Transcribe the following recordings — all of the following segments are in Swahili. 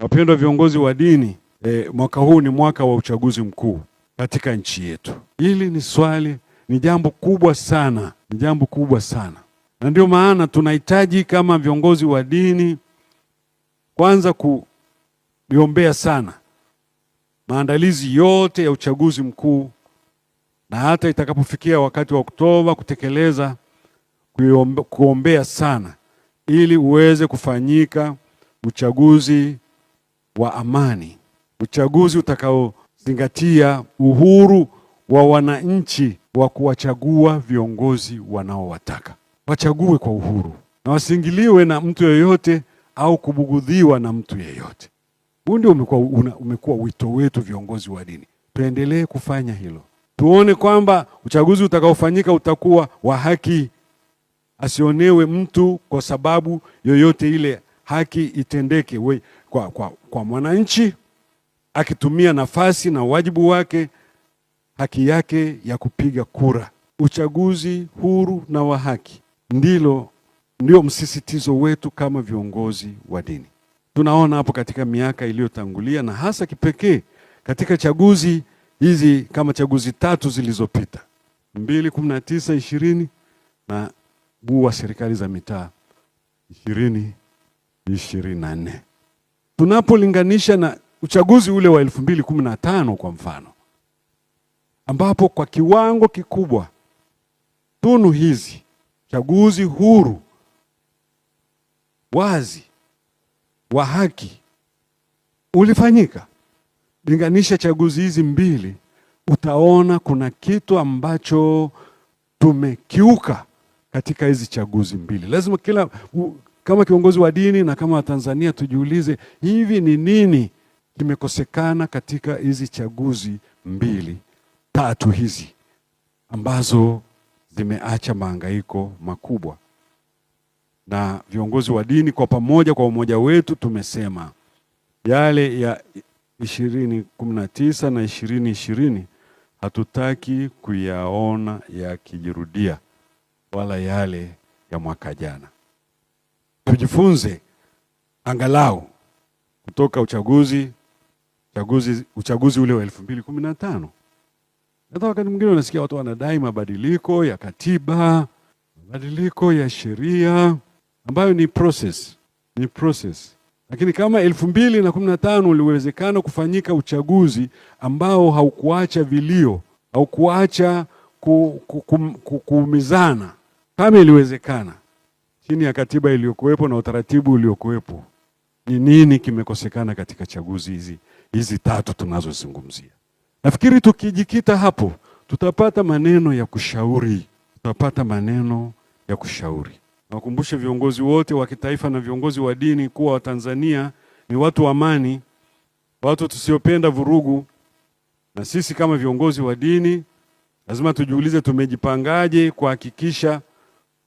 Wapendwa viongozi wa dini e, mwaka huu ni mwaka wa uchaguzi mkuu katika nchi yetu. Hili ni swali, ni jambo kubwa sana, ni jambo kubwa sana, na ndio maana tunahitaji kama viongozi wa dini kwanza kuliombea sana maandalizi yote ya uchaguzi mkuu, na hata itakapofikia wakati wa Oktoba kutekeleza, kuombea sana ili uweze kufanyika uchaguzi wa amani, uchaguzi utakaozingatia uhuru wa wananchi wa kuwachagua viongozi wanaowataka. Wachague kwa uhuru na wasingiliwe na mtu yeyote au kubugudhiwa na mtu yeyote. Huu ndio umekuwa umekuwa wito wetu viongozi wa dini, tuendelee kufanya hilo, tuone kwamba uchaguzi utakaofanyika utakuwa wa haki, asionewe mtu kwa sababu yoyote ile, haki itendeke we kwa, kwa, kwa mwananchi akitumia nafasi na wajibu wake, haki yake ya kupiga kura. Uchaguzi huru na wa haki ndilo ndio msisitizo wetu kama viongozi wa dini. Tunaona hapo katika miaka iliyotangulia na hasa kipekee katika chaguzi hizi kama chaguzi tatu zilizopita mbili, kumi na tisa, ishirini na huu wa serikali za mitaa ishirini ishirini na nne tunapolinganisha na uchaguzi ule wa 2015 kwa mfano, ambapo kwa kiwango kikubwa tunu hizi, uchaguzi huru, wazi, wa haki ulifanyika. Linganisha chaguzi hizi mbili, utaona kuna kitu ambacho tumekiuka katika hizi chaguzi mbili. Lazima kila kama kiongozi wa dini na kama Watanzania tujiulize, hivi ni nini kimekosekana katika hizi chaguzi mbili tatu hizi ambazo zimeacha mahangaiko makubwa. Na viongozi wa dini kwa pamoja, kwa umoja wetu, tumesema yale ya ishirini kumi na tisa na ishirini ishirini hatutaki kuyaona yakijirudia, wala yale ya mwaka jana tujifunze angalau kutoka uchaguzi uchaguzi, uchaguzi ule wa elfu mbili kumi na tano. Hata wakati mwingine unasikia watu wanadai mabadiliko ya katiba, mabadiliko ya sheria ambayo ni process, ni process. Lakini kama elfu mbili na kumi na tano uliwezekana kufanyika uchaguzi ambao haukuacha vilio, haukuacha kuumizana, kama iliwezekana chini ya katiba iliyokuwepo na utaratibu uliokuwepo, ni nini kimekosekana katika chaguzi hizi hizi tatu tunazozungumzia? Nafikiri tukijikita hapo tutapata maneno ya kushauri, tutapata maneno ya kushauri. Nawakumbushe viongozi wote wa kitaifa na viongozi wa dini kuwa Watanzania ni watu wa amani, watu tusiopenda vurugu, na sisi kama viongozi wa dini lazima tujiulize tumejipangaje kuhakikisha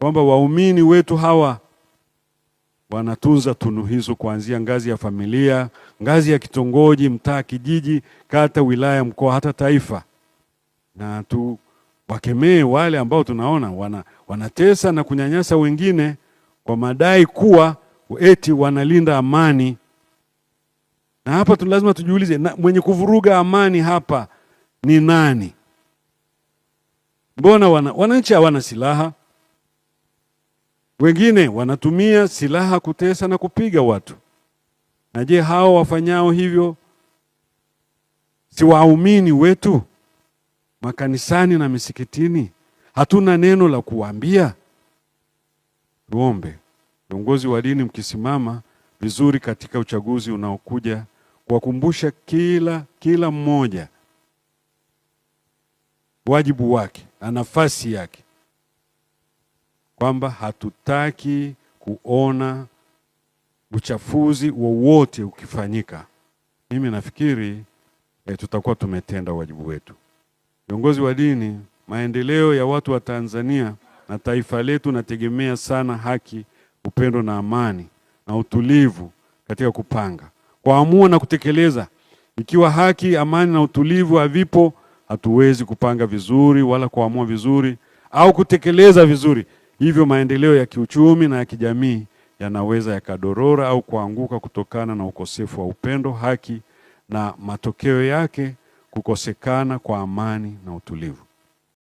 kwamba waumini wetu hawa wanatunza tunu hizo kuanzia ngazi ya familia, ngazi ya kitongoji, mtaa, kijiji, kata, wilaya, mkoa, hata taifa. Na tu wakemee wale ambao tunaona wana, wanatesa na kunyanyasa wengine kwa madai kuwa eti wanalinda amani. Na hapa tu lazima tujiulize, mwenye kuvuruga amani hapa ni nani? Mbona wananchi hawana silaha wengine wanatumia silaha kutesa na kupiga watu. Na je, hao wafanyao hivyo si waumini wetu makanisani na misikitini? Hatuna neno la kuwaambia? Tuombe. Viongozi wa dini, mkisimama vizuri katika uchaguzi unaokuja, kuwakumbusha kila kila mmoja wajibu wake na nafasi yake kwamba hatutaki kuona uchafuzi wowote ukifanyika. Mimi nafikiri eh, tutakuwa tumetenda wajibu wetu. Viongozi wa dini, maendeleo ya watu wa Tanzania na taifa letu nategemea sana haki, upendo na amani na utulivu katika kupanga, kuamua na kutekeleza. Ikiwa haki, amani na utulivu havipo, hatuwezi kupanga vizuri wala kuamua vizuri au kutekeleza vizuri. Hivyo maendeleo ya kiuchumi na ya kijamii yanaweza yakadorora au kuanguka kutokana na ukosefu wa upendo, haki na matokeo yake kukosekana kwa amani na utulivu.